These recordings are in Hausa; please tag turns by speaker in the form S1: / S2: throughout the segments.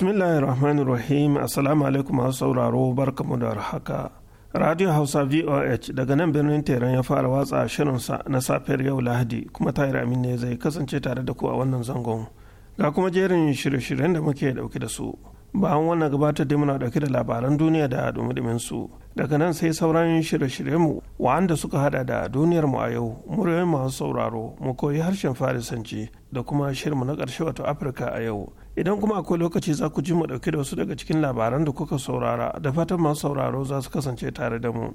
S1: rahim assalamu alaikum masu sauraro barkamu da haka radio hausa voh daga nan birnin teran ya fara watsa shirinsa na safiyar yau lahadi kuma tahir amin ne zai kasance tare da ku a wannan zangon ga kuma jerin shirye-shiryen da muke dauke da su bayan wannan gabatar da muna dauke da labaran duniya da dumi su daga nan sai sauran shirye-shiryenmu wa'anda suka hada da duniyar mu a yau muryoyin masu sauraro mu koyi harshen farisanci da kuma shirinmu na karshe wato afirka a yau idan kuma akwai lokaci za ku ji mu dauke da wasu daga cikin labaran da kuka saurara da fatan masu sauraro za su kasance tare da mu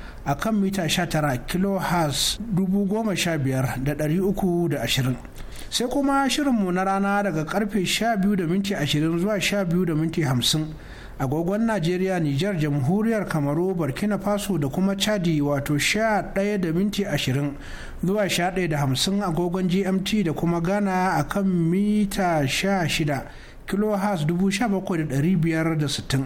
S2: a kan mita 19 kilohertz 15320 sai kuma shirinmu na rana daga karfe 12:20 zuwa sha biyu 12:50 agogon najeriya niger jamhuriyar kamaru burkina faso da kuma chadi wato 11:20 zuwa sha da hamsin agogon gmt da kuma ghana a kan mita 16 kilohertz sittin.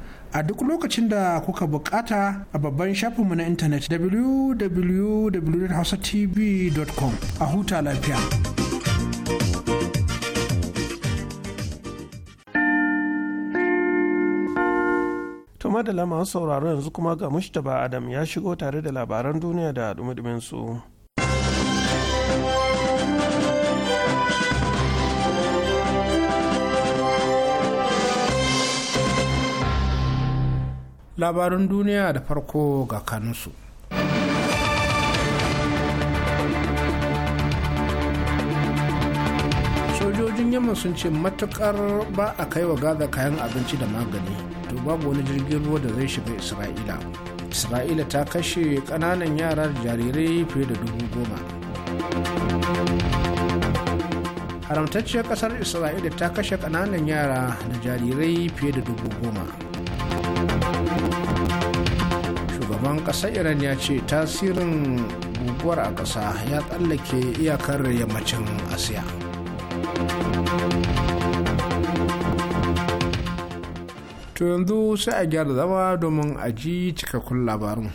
S2: a duk lokacin da kuka bukata a babban shafinmu na intanet www.hausatv.com
S1: a huta lafiya. Tuma da lama sauraro yanzu kuma ga Mustapha Adam ya shigo tare da labaran duniya da dumi su.
S2: labarin duniya da farko ga kanunsu. sojojin yamma sun ce matukar ba a kai wa gaza kayan abinci da magani to babu wani jirgin ruwa da zai shiga isra'ila isra'ila ta kashe kananan yara da jarirai fiye da dubu goma haramtacciyar kasar isra'ila ta kashe kananan yara da jarirai fiye da dubu goma shugaban ƙasar iran ya ce tasirin guguwar a kasa ya tsallake iyakar yammacin asiya to yanzu sai a gyara zama domin a ji cikakkun labarun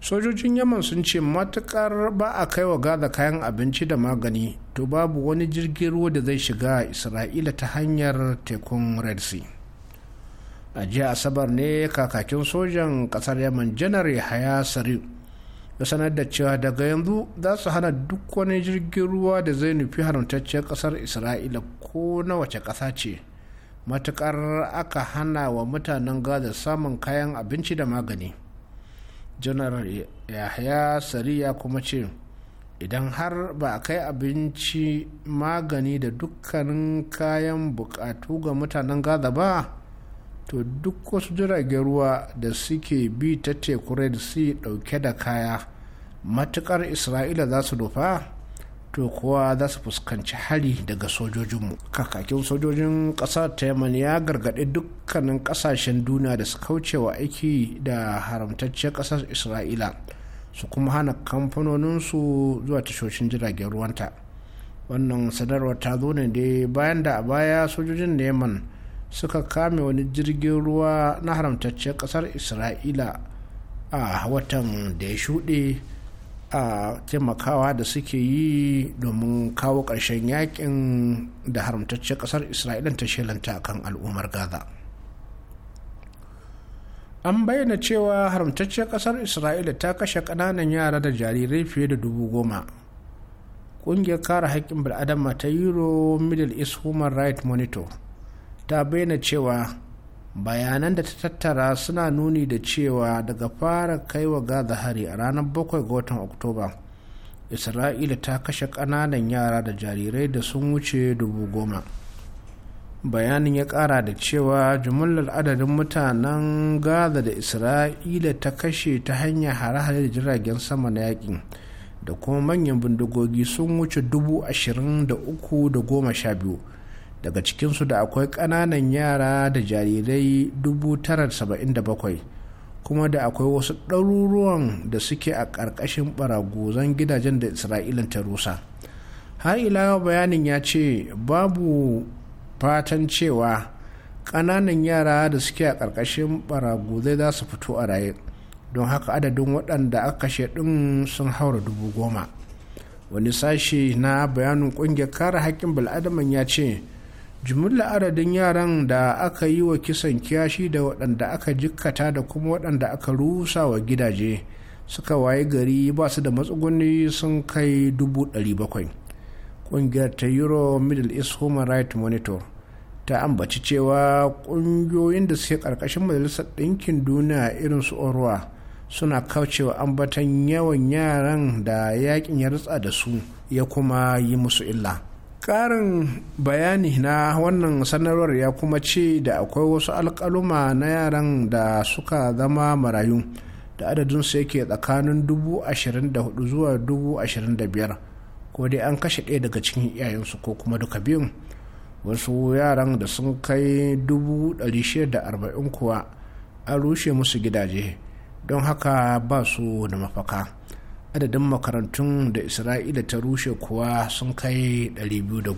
S2: sojojin yaman sun ce matukar ba a kai wa gaza kayan abinci da magani to babu wani jirgin ruwa da zai shiga isra'ila ta hanyar tekun red sea a jiya asabar ne kakakin sojan kasar yaman janar yahaya sari ya sanar da cewa daga yanzu za su hana duk wani jirgin ruwa da zai nufi haramtacciyar kasar isra'ila ko na wace kasa ce matukar aka hana wa mutanen gaza samun kayan abinci da magani janar yahaya sari ya kuma ce idan har ba a kai abinci magani da dukkanin kayan bukatu ga mutanen gaza ba to duk wasu jiragen ruwa da suke bi ta teku red sea dauke da kaya matukar isra'ila za su dofa to kowa za su fuskanci hari daga sojojinmu kakakin sojojin ƙasar ta ya gargaɗi dukkanin ƙasashen duniya da su kauce wa aiki da haramtacciyar ƙasar isra'ila su kuma hana kamfanoninsu zuwa tashoshin jiragen ruwanta wannan sadarwar ta zo ne dai bayan da a baya sojojin da yaman suka kame wani jirgin ruwa na haramtacciyar ƙasar isra'ila a watan da ya shuɗe a taimakawa da suke yi domin kawo ƙarshen yakin da haramtacciyar ƙasar isra'ila ta shelanta kan al'ummar gaza an bayyana cewa haramtacciyar kasar isra'ila ta kashe ƙananan yara da jarirai fiye da dubu goma ƙungiyar kare haƙƙin bil'adama ta euro middle east human rights monitor ta bayyana cewa bayanan da ta tattara suna nuni da cewa daga fara kai wa gaza hari a ranar 7 ga watan oktoba isra'ila ta kashe kananan yara da jarirai da sun wuce dubu goma bayanin ya kara da cewa jumlar adadin mutanen gaza da isra'ila ta kashe ta hanyar hare-hare da jiragen sama na yakin da kuma manyan bindigogi sun wuce dubu ashirin da uku da goma sha biyu daga cikinsu da akwai ƙananan yara da jarirai 977 kuma da akwai wasu ɗaruruwan da suke a ƙarƙashin baragozan gidajen da isra'ilan ta rusa har ila bayanin ya ce babu fatan cewa ƙananan yara da suke a ƙarƙashin baragozai za su fito a raye don haka adadin waɗanda aka kashe ɗin sun haura dubu goma wani sashe na bayanin ƙungiyar kare haƙƙin bil'adaman ya ce jimilla adadin yaran da aka yi wa kisan kiyashi da waɗanda aka jikkata da kuma waɗanda aka rusa wa gidaje suka waye gari ba su da matsuguni sun kai 700,000 ƙungiyar ta euro middle east human rights monitor ta ambaci cewa ƙungiyoyin da suke ƙarƙashin majalisar ɗinkin duniya irin su orwa suna kaucewa ambatan yawan yaran da yaƙin ya rutsa da su ya kuma yi musu illa ƙarin bayani na wannan sanarwar ya kuma ce da akwai wasu alƙaluma na yaran da suka zama marayu da adadinsu yake tsakanin 24,000 zuwa 25,000 ko dai an kashe ɗaya daga cikin iyayensu ko kuma duka biyun wasu yaran da sun kai 640 kuwa an rushe musu gidaje don haka ba su da mafaka adadin makarantun da isra'ila ta rushe kuwa sun kai 217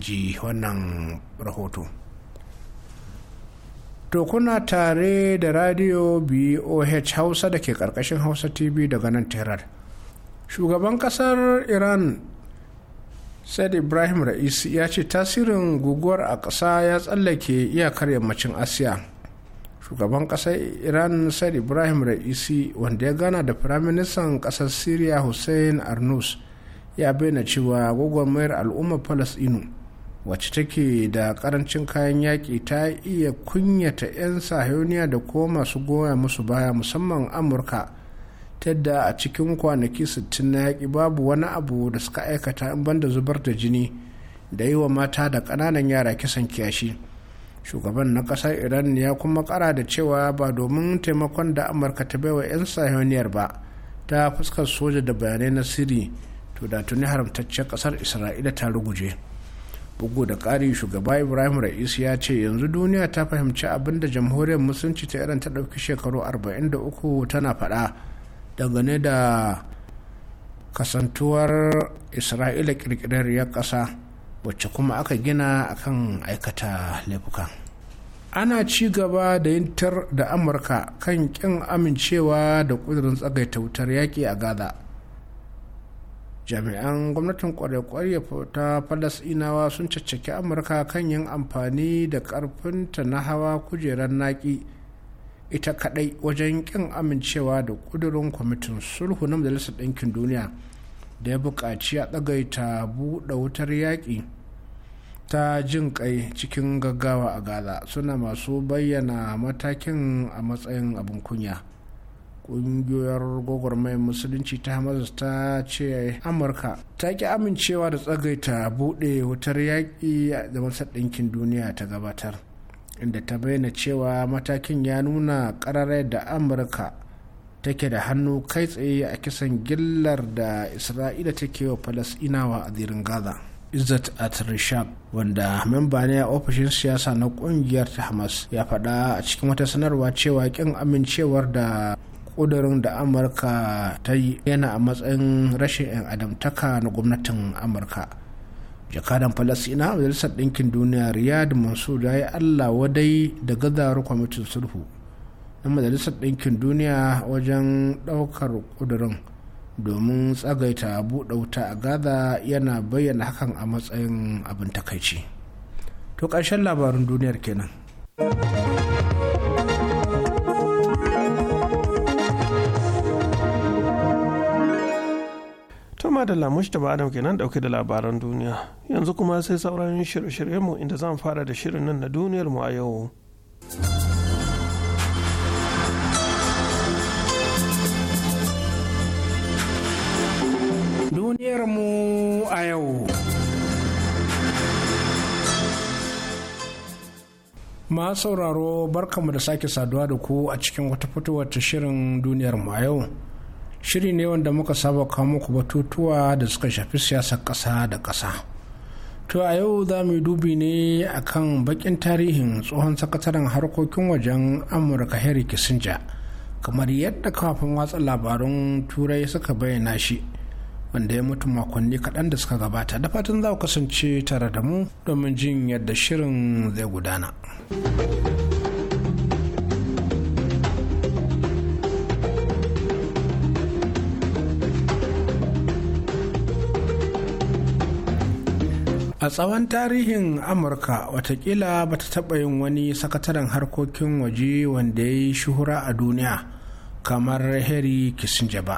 S2: ji wannan rahoto Tokuna tare da radio boh hausa da ke karkashin hausa tv daga nan tehran shugaban kasar iran said ibrahim ra'isi ya ce tasirin guguwar a ƙasa ya tsallake iyakar yammacin asiya shugaban kasar iran said ibrahim ra'isi wanda ya gana da firaministan kasar syria hussein arnus ya bayyana cewa gwagwarmayar al'ummar inu wacce take da karancin kayan yaƙi ta iya kunyata 'yan sahiyoniya da ko masu goya musu baya musamman amurka ta da a cikin kwanaki 60 na yaƙi babu wani abu da suka aikata in banda zubar da jini da yi wa mata da ƙananan yara kisan kiyashi shugaban na kasar iran ya kuma kara da cewa ba domin taimakon da amurka ta baiwa 'yan sahiyoniyar ba ta fuskar soja da bayanai na sirri to da tuni haramtaccen kasar isra'ila ta ruguje bugu da ƙari shugaba ibrahim ra'is ya ce yanzu duniya ta fahimci abin da jamhuriyar musulunci ta iran ta ɗauki shekaru arba'in da uku tana faɗa dangane da kasantuwar isra'ila ƙirƙirar ƙasa wacce kuma aka gina akan aikata laifuka ana ci gaba da yintar da amurka kan kin amincewa da kudurin tsagaita wutar yaƙi a gaza jami'an gwamnatin kwarekwarya ta falasinawa sun caccaki amurka kan yin amfani da karfinta na hawa kujerar naƙi ita kadai wajen kin amincewa da kudurin kwamitin sulhu na majalisar ɗinkin duniya da ya buƙaci a tsagaita buɗe wutar yaƙi ta jin ƙai cikin gaggawa a gaza suna masu bayyana matakin a matsayin abin kunya ƙungiyar gwagwarmayar musulunci ta hamas ta ce amurka ta ƙi amincewa da tsagaita buɗe wutar yaƙi da masar duniya ta gabatar inda ta bayyana cewa matakin ya nuna ƙararai da amurka take da hannu kai tsaye a kisan gillar da isra'ila take wa falasinawa a zirin gaza izzat at rishab wanda memba ne a ofishin siyasa na kungiyar ta hamas ya faɗa a cikin wata sanarwa cewa kin amincewar da kudurin da amurka ta yi yana a matsayin rashin 'yan adamtaka na gwamnatin amurka jakadan falasina majalisar ɗinkin duniya riyad mansur ya yi allah wadai da gazawar kwamitin sulhu na majalisar ɗinkin duniya wajen ɗaukar ƙudurin domin tsagaita buɗe wuta a gaza yana bayyana hakan a matsayin abin takaici to ƙarshen labarin duniyar kenan
S1: Toma da lamush ta Adam kenan dauke da labaran duniya yanzu kuma sai sauran shirye-shiryenmu inda zan fara da shirin nan na duniyar mu a yau.
S2: Duniyarmu a yau. Ma sauraro barkamu da sake saduwa da ku a cikin wata fitowar ta shirin mu a yau. Shiri ne wanda muka saba kawo muku batutuwa da suka shafi siyasar ƙasa da ƙasa. To a yau za mu dubi ne akan baƙin tarihin tsohon sakataren harkokin wajen Amurka Henry Kissinger. kamar yadda kafin watsa labarun turai suka bayyana shi wanda ya mutu makonni kaɗan da suka gabata da fatan za ku kasance tare da mu domin jin yadda shirin zai gudana. a tsawon tarihin amurka watakila ba ta taɓa yin wani sakataren harkokin waje wanda ya yi shuhura a duniya kamar harry kissinger ba.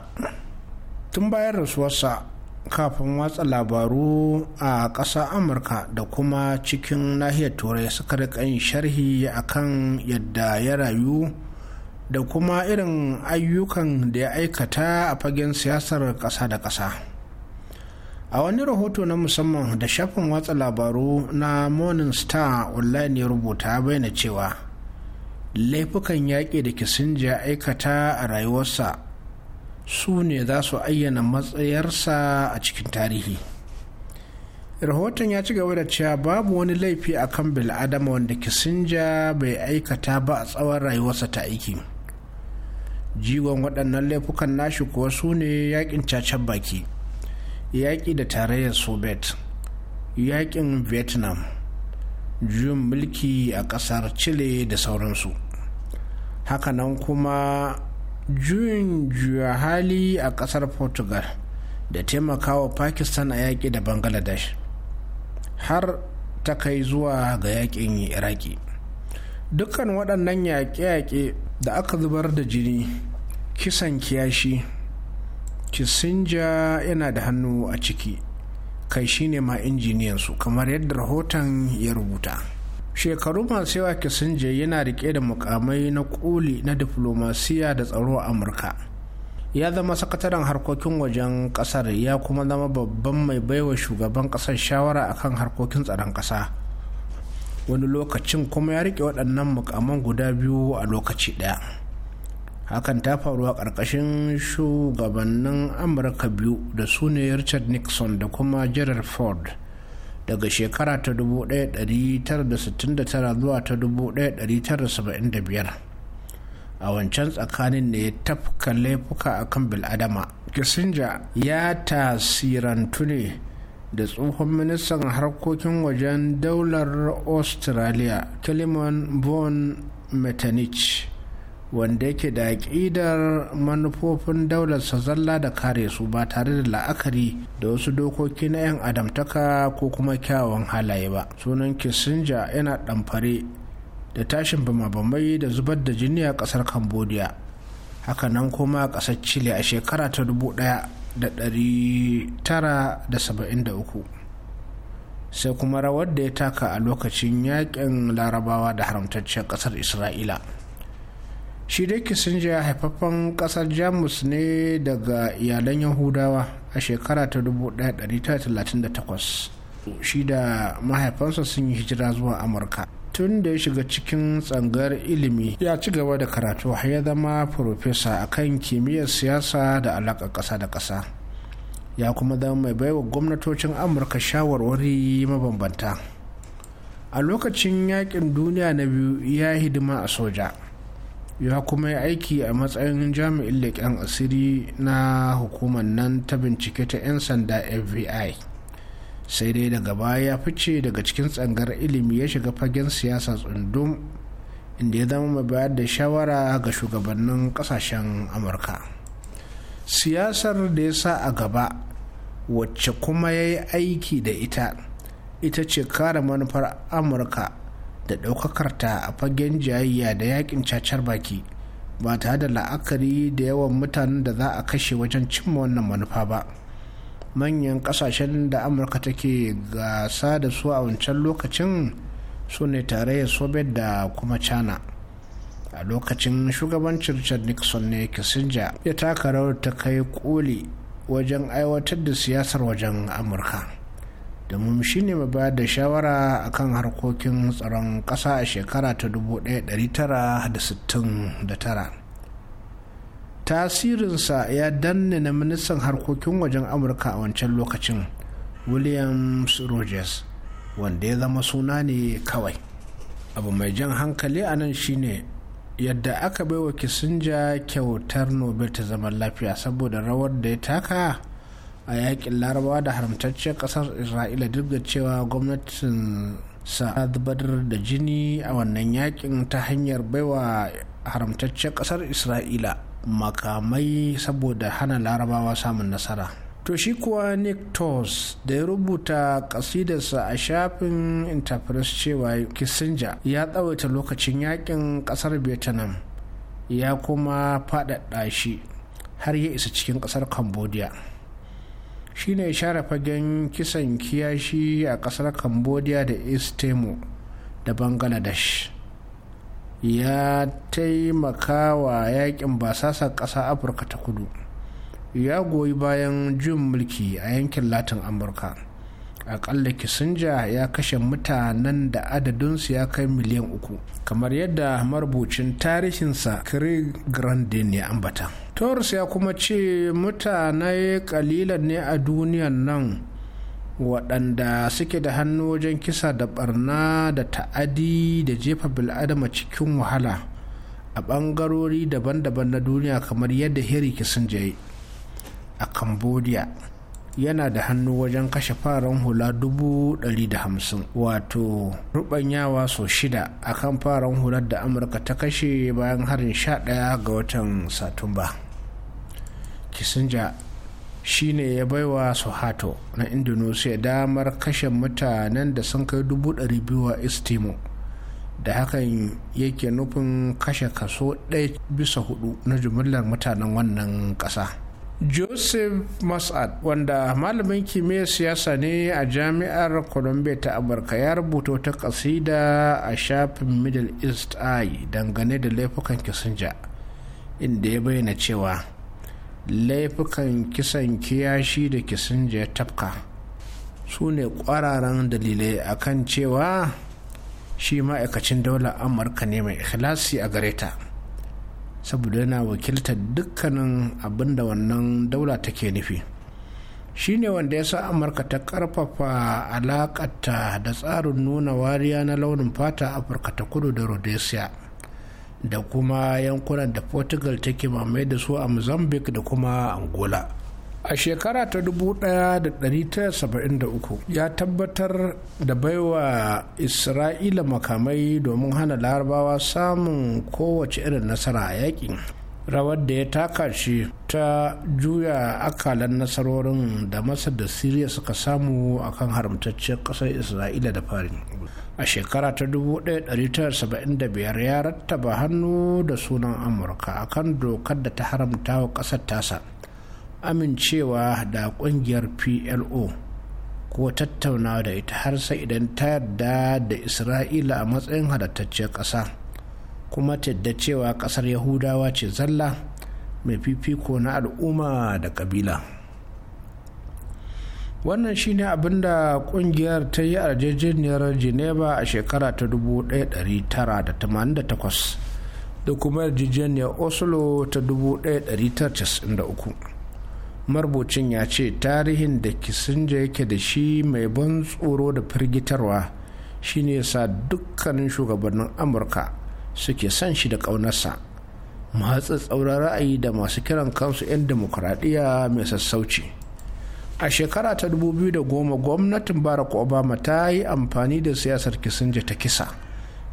S2: tun bayan rasuwarsa kafin watsa labaru a ƙasa amurka da kuma cikin nahiyar turai suka rika yin sharhi akan yadda ya rayu da kuma irin ayyukan da ya aikata a fagen siyasar ƙasa da ƙasa a wani rahoto na musamman da shafin watsa labaru na morning star online ya rubuta bayyana cewa laifukan yaƙi da kisinja aikata a rayuwarsa su ne za su ayyana matsayarsa a cikin tarihi rahoton ya ci gaba da cewa babu wani laifi a kan bil'adama wanda kisinja bai aikata ba a tsawon rayuwarsa ta aiki jigon waɗannan laifukan nashi kuwa su ne yaƙin cacen baki yaƙi da tarayyar soviet yaƙin vietnam juyin mulki a ƙasar chile da sauransu hakanan kuma juyin juya hali a ƙasar portugal da taimakawa pakistan a yaƙi da bangladesh har ta kai zuwa ga yaƙin iraki dukkan waɗannan yaƙe-yaƙe da aka zubar da jini kisan kiyashi kisinja yana da hannu a ciki kai shine ma injiniyansu kamar yadda rahoton ya rubuta. shekaru masu yawa kisinje yana rike da mukamai na koli na diflomasiya da tsaro a amurka ya zama sakataren harkokin wajen kasar ya kuma zama babban mai baiwa shugaban kasar shawara akan harkokin tsaron kasa wani lokacin kuma ya rike waɗannan mukaman guda biyu a lokaci ɗaya hakan ta faru a ƙarƙashin shugabannin amurka biyu da su ne richard nixon da kuma gerald ford daga shekara ta 1969 zuwa ta 1975 a wancan tsakanin ne ya tafka laifuka a kan biladama kissinger ya tasirantu ne da tsohon ministan harkokin wajen daular australia kilimon von metternich wanda yake da aƙidar manufofin daular zalla da kare su ba tare da la'akari da wasu dokoki na 'yan adamtaka ko kuma kyawun halaye ba sunan kisinja yana ɗamfare da tashin bama-bamai da zubar da jini a ƙasar cambodia hakanan kuma a ƙasar chile a shekara ta 1973 sai kuma rawar da ya taka a lokacin yaƙin larabawa da haramtacciyar ƙasar isra'ila shi dai kisinja haifaffen kasar jamus ne daga iyalan yahudawa a shekara ta 1938 shi da mahaifansa sun yi hijira zuwa amurka tun da ya shiga cikin tsangar ilimi ya ci gaba da karatu har ya zama farfesa a kan kimiyyar siyasa da alaƙa ƙasa da ƙasa ya kuma zama mai baiwa gwamnatocin amurka shawarwari mabambanta a lokacin yakin duniya na biyu ya hidima a soja ya kuma yi aiki a matsayin jami'in leƙen asiri na hukumar nan ta bincike ta 'yan sanda fbi sai dai daga baya ya fice daga cikin tsangar ilimi ya shiga fagen siyasa tsundum inda ya zama mai bayar da shawara ga shugabannin kasashen amurka siyasar da ya sa a gaba wacce kuma ya yi aiki da ita ita ce kare manufar amurka da ta, a fagen jayayya da yakin cacar baki ba tare da la'akari da yawan mutanen da za a kashe wajen cimma wannan manufa ba manyan ƙasashen da amurka take gasa da su a wancan lokacin su ne tarayyar soviet da kuma china a lokacin shugabancin richard nixon ne kissinger ya taka rawar ta kai koli wajen aiwatar da siyasar wajen amurka Da domin shi ne ba da shawara a kan harkokin tsaron ƙasa a shekara ta 1969 tasirinsa ya danne na ministan harkokin wajen amurka a wancan lokacin williams rogers wanda ya zama suna ne kawai abu mai jan hankali a nan shine yadda aka baiwa kisinja kyautar nobel ta zaman lafiya saboda rawar da ya taka a yakin larabawa da haramtacciyar kasar isra'ila duk da cewa gwamnatin sa zubar da jini a wannan yakin ta hanyar baiwa haramtacciyar kasar isra'ila makamai saboda hana larabawa samun nasara to shi kuwa nick toss da ya rubuta kasidarsa a shafin interpress cewa kissinger ya tsawaita lokacin yakin kasar vietnam ya kuma faɗaɗa shi har ya isa cikin kasar cambodia shine share fagen kisan kiyashi a kasar cambodia da east timor da bangladesh ya taimaka wa yakin basasar kasa afirka ta kudu ya goyi bayan jin mulki a yankin latin amurka akalla kisinja ya kashe mutanen da adadinsu ya kai miliyan uku kamar yadda marubucin tarihinsa craig grandin ya ambata torres ya kuma ce mutane kalilan ne a duniyan nan waɗanda suke da hannu wajen kisa da barna da ta'adi da jefa bil'adama cikin wahala a ɓangarori daban-daban na duniya kamar yadda heri kisinja a cambodia yana da hannu wajen kashe faran hula dubu da hamsin wato rubanyawa sau shida a kan faran hular da amurka ta kashe bayan harin sha ɗaya ga watan satumba kisinja ne ya baiwa suhato na indonesia damar kashe mutanen da sun kai dubu biyu a istimo da hakan yake nufin kashe kaso ɗaya bisa hudu na jumlar mutanen wannan ƙasa. joseph masad wanda malamin kimiyyar siyasa ne a jami'ar columbia ta amurka ya rubuta ta kasida a shafin middle east eye dangane da laifukan kisinja inda ya bayyana cewa laifukan kisan kiyashi da kisinja ya tafka su ne kwararan dalilai akan cewa shi ma'aikacin daular amurka ne mai ikhlasi a gareta. saboda yana wakiltar dukkanin abin da wannan daula take nufi shi ne wanda ya sa amurka ta karfafa alakata da tsarin nuna wariya na launin fata afirka ta kudu da rhodesia da kuma yankunan da portugal take mamaye da su a mozambique da kuma angola a shekara ta 1973 ya tabbatar da baiwa isra'ila makamai domin hana larabawa samun kowace irin nasara a yakin rawar da ya taka shi ta juya akalan nasarorin da masar da siriya suka samu akan haramtacciyar ƙasar isra'ila da fari a shekara ta 1975 ya rattaba hannu da sunan amurka akan dokar da ta haramta wa ƙasar tasa amincewa da kungiyar plo ko tattaunawa da ita har sai idan ta yarda da isra'ila a matsayin halattacciyar ƙasa kuma tadda cewa ƙasar yahudawa ce zalla mai fifiko na al'umma da ƙabila wannan shine abin da kungiyar ta yi a yarjejeniyar geneva a shekara ta 1988 da kuma yarjejeniyar oslo ta 1993 Marubucin ya ce tarihin da kisinja yake da shi mai ban tsoro da firgitarwa shine sa dukkanin shugabannin amurka suke son shi da ƙaunarsa masu tsauran ra'ayi da masu kiran kansu 'yan demokuraɗiyya mai sassauci a shekara ta 2010 gwamnatin barack obama ta yi amfani da siyasar kisinja ta kisa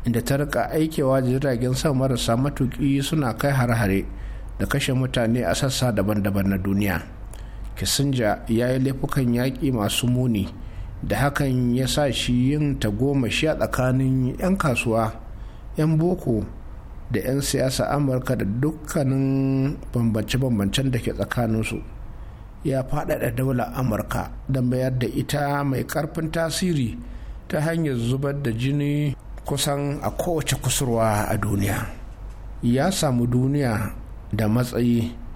S2: inda ta rika aikewa jiragen sama marasa matuƙi suna kai hare-hare da kashe mutane a sassa daban-daban na duniya. kissinger ya yi laifukan yaƙi masu muni da hakan ya sa shi yin ta tagomashi a tsakanin 'yan kasuwa 'yan boko da 'yan siyasa amurka da dukkanin bambance-bambancen da ke tsakaninsu ya faɗaɗa daular amurka da mayar da ita mai ƙarfin tasiri ta hanyar zubar da jini kusan a kowace kusurwa a duniya ya samu duniya da matsayi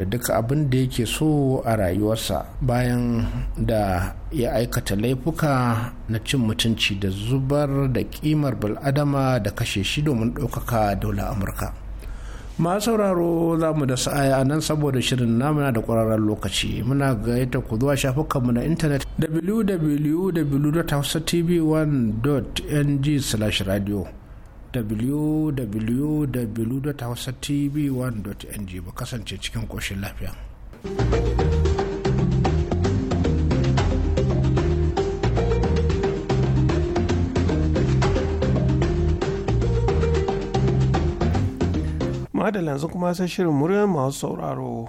S2: da duka abin da yake so a rayuwarsa bayan da ya aikata laifuka na cin mutunci da zubar da kimar bil'adama da kashe shi domin ɗaukaka daular amurka ma sauraro za mu da sa'aya a nan saboda shirin namuna da ƙwararren lokaci muna gayyata ku zuwa shafukanmu na intanet www.hausatv1.ng/radio www.hausatv1.ng ba kasance cikin ƙoshin lafiya.
S1: madalla yanzu kuma sai shirin muryar masu sauraro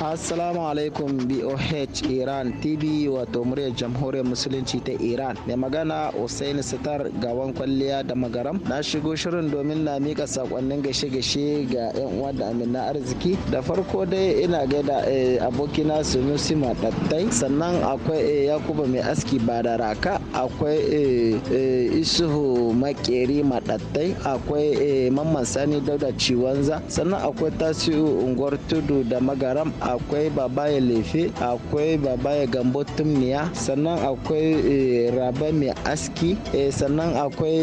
S3: Assalamu alaikum BOH Iran TV wato muryar jamhuriyar musulunci ta Iran. Mai magana Hussein Sitar gawan kwalliya da magaram. Na shigo shirin domin na mika sakonnin gashe-gashe ga 'yan uwa da amina arziki. Da farko dai ina gaida eh, abokina Sunusi Matattai. Sannan akwai eh, Yakuba mai aski badaraka. Akwai eh, Isuhu Makeri Matattai. Akwai Mamman Sani Dauda Ciwanza. Sannan akwai Tasiu Unguwar Tudu da Magaram. akwai ya lefe akwai ya gambo tumniya sannan akwai eh, raba mai aski eh, sannan akwai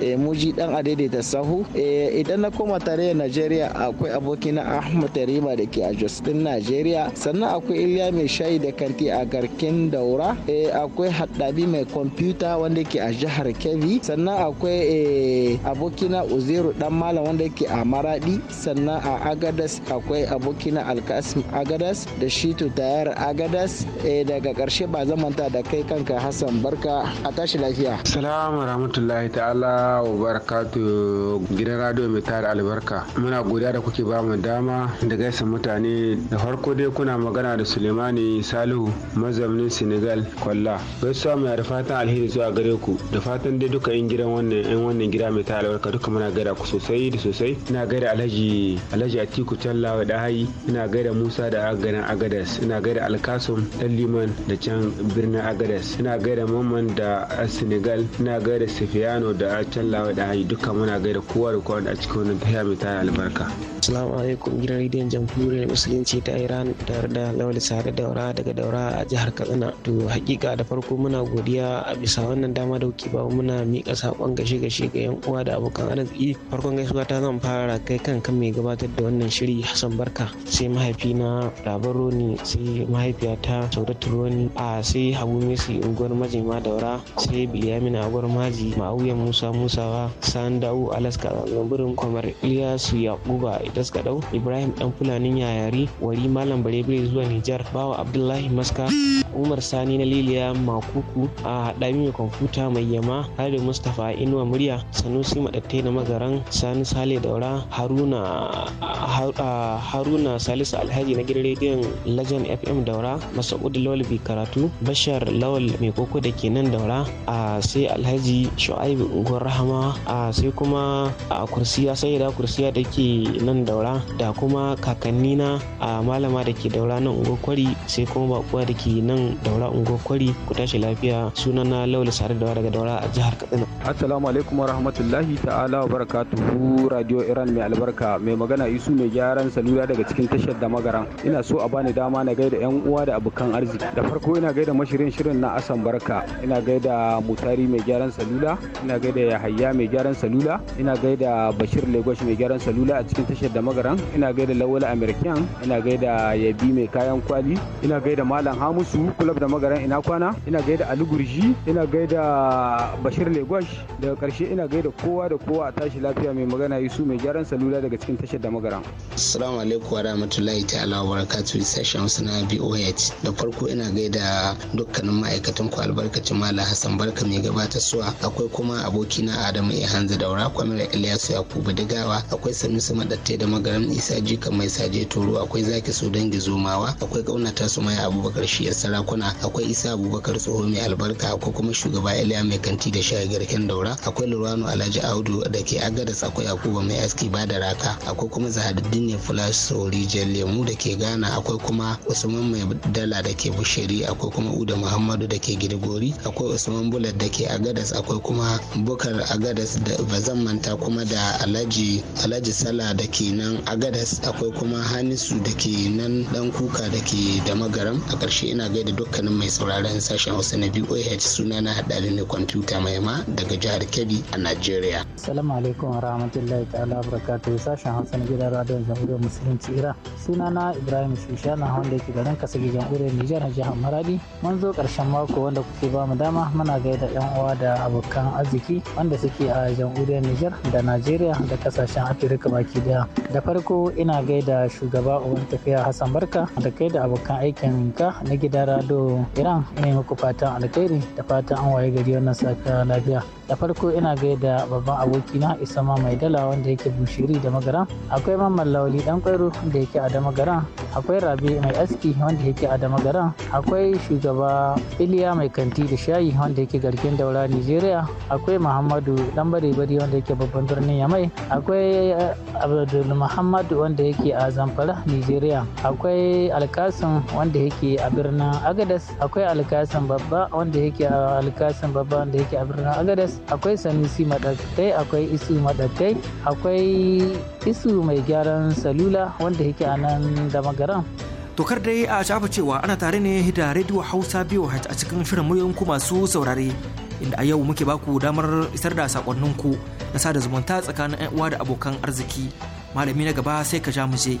S3: eh, muji dan adaidaita sahu idan na koma tarayyar najeriya akwai abokina ahmad tarima da ke a jos din najeriya sannan akwai iliya mai shayi da kanti a garkin daura akwai haddabi mai kwamfuta wanda ke a jihar kebbi sannan akwai abokina Uziru dan malam wanda ke a maradi sannan a agadas akwai abokina alka agadas da shitu tayar agadas eh, daga karshe ba zamanta da kai kanka hassan barka a tashi lafiya
S2: salamu rahmatullahi ta'ala wa barakatu gidan radio mai tare albarka muna godiya da kuke ba mu dama da gaisa mutane da farko dai kuna magana da sulemani salihu mazaunin senegal kwalla gaisuwa mai da fatan alheri zuwa gare ku da fatan dai duka yin gidan wannan yan wannan gida mai
S4: tare albarka duka muna gaida ku sosai da sosai ina gaida alhaji alhaji atiku tallawa da hayi
S5: ina gaida gaida musa da garin agadas ina gaida alkasum dan liman da can birnin agadas ina gaida mamman da senegal ina gaida sefiano da can lawa da hayi duka muna gaida kowa da kowa a cikin wannan tafiya mai tara albarka
S4: assalamu alaikum gidan rediyon jamhuriyar musulunci ta iran tare da lawal sare daura daga daura a jihar katsina to hakika da farko muna godiya a bisa wannan dama da kuke ba muna mika sakon gashe gashe ga yan uwa da abokan arziki farkon gaisuwa ta zan fara kai kan kanka mai gabatar da wannan shiri hassan barka sai mahaifi mahaifina Rabaro ne sai mahaifiyata Saudatu Roni a sai Habu mesi unguwar Majima Daura sai a Agwar Maji Ma'auya Musa Musawa San Da'u Alaska Zamburin Kwamar Ilyasu Yakuba Idas Kadau Ibrahim Dan Fulanin Yayari Wari Malam Barebire zuwa Nijar Bawa Abdullahi Maska Umar Sani na Liliya Makuku a Haɗami mai kwamfuta mai yama Hari Mustapha Inuwa Murya Sanusi Madattai na Magaran Sani Sale Daura Haruna Haruna Salisu alhaji na gidan rediyon Lajan fm daura masa'ud lawal bi karatu bashar lawal mai koko da ke nan daura a sai alhaji shu'aibu unguwar rahama a sai kuma a kursiya sai da kursiya da ke nan daura da kuma kakanni na a malama da ke daura nan unguwar kwari sai kuma bakuwa da ke nan daura unguwar kwari ku tashi lafiya sunana lawal sare daura daga daura a jihar katsina
S5: assalamu alaikum wa rahmatullahi ta'ala wa barakatuhu radio iran mai albarka mai magana isu mai gyaran salula daga cikin tashar da magaran ina so a bani dama na gaida yan uwa da abokan arziki da farko ina gaida mashirin shirin na asan barka ina gaida mutari mai gyaran salula ina gaida yahaya mai gyaran salula ina gaida bashir lagos mai gyaran salula a cikin tashar da magaran ina gaida lawala american ina gaida yabi mai kayan kwali ina gaida malam hamusu kulab da magaran ina kwana ina gaida alugurji ina gaida bashir lagos daga karshe ina gaida kowa da kowa a tashi lafiya mai magana yusu mai gyaran salula daga cikin tashar da magaran assalamu alaikum wa rahmatullahi lillahi ta'ala wa barakatuhu sashen Hausa na BOH. Da farko ina gaida dukkanin ma'aikatan ku albarkacin Mala Hassan Barka mai gabatar suwa. Akwai kuma abokina Adamu Ihanzu Daura, Kwamira Ilyasu Yakubu Digawa, akwai su Madatte da Magaram Isa Jika Mai Saje Toro, akwai Zaki dangi Gizomawa, akwai Kaunata mai Abubakar shi ya Sarakuna, akwai Isa Abubakar Tsoho Mai Albarka, akwai kuma shugaba Iliya Mai Kanti da Shayi Garken Daura, akwai Lurwano Alhaji Audu da ke Agadas, akwai Yakubu Mai Aski raka akwai kuma Zahadaddin ne Fulasori Jelle mu da ke Ghana akwai kuma Usman Mai Dala da ke Bushiri akwai kuma Uda Muhammadu da ke Girgori akwai Usman Bulat da ke Agadas akwai kuma Bukar Agadas da bazan manta kuma da Alhaji Sala da ke nan Agadas akwai kuma Hanisu da ke nan Dan Kuka da ke da Magaram a ƙarshe ina gaida dukkanin mai sauraren sashen Hausa na BOH suna na haɗari ne kwamfuta mai ma daga jihar Kebbi a Najeriya.
S6: Assalamu alaikum wa rahmatullahi ta'ala barakatuhu sashen Hausa na gidan radon jamhuriyar musulunci su sunana ibrahim shushana wanda yake garin kasage jamhuriyar nijar a jihar maradi mun zo karshen mako wanda kuke ba mu dama muna gaida yan uwa da abokan arziki wanda suke a jamhuriyar nijar da najeriya da kasashen afirka baki daya da farko ina gaida shugaba uban tafiya hassan barka da kai da abokan aikin ka na gida rado iran ina muku fatan alkhairi da fatan an waye gari wannan saka lafiya da farko ina gaida babban abokina ma mai dala wanda yake bushiri da magara akwai mamman lawali dan kwairo da yake a da magara akwai rabi mai aski wanda yake a da magara akwai shugaba iliya mai kanti da shayi wanda yake garken daura nigeria akwai muhammadu dan bari bare wanda yake babban birnin yamai akwai eh, abdul muhammadu wanda yake a zamfara nigeria akwai alkasin wanda yake a birnin agadas akwai alkasin babba wanda yake a alkasin babba wanda yake a birnin agadas akwai akwai Sanusi Madattai akwai Isu Madattai akwai Isu mai gyaran salula wanda yake a nan da magaran.
S7: Tokar dai a shafa cewa ana tare ne da Radio Hausa biyu a cikin shirin muryoyin ku masu saurare inda a yau muke baku damar isar da sakonninku na sada zumunta tsakanin uwa da abokan arziki. Malami na gaba sai ka ja mu je.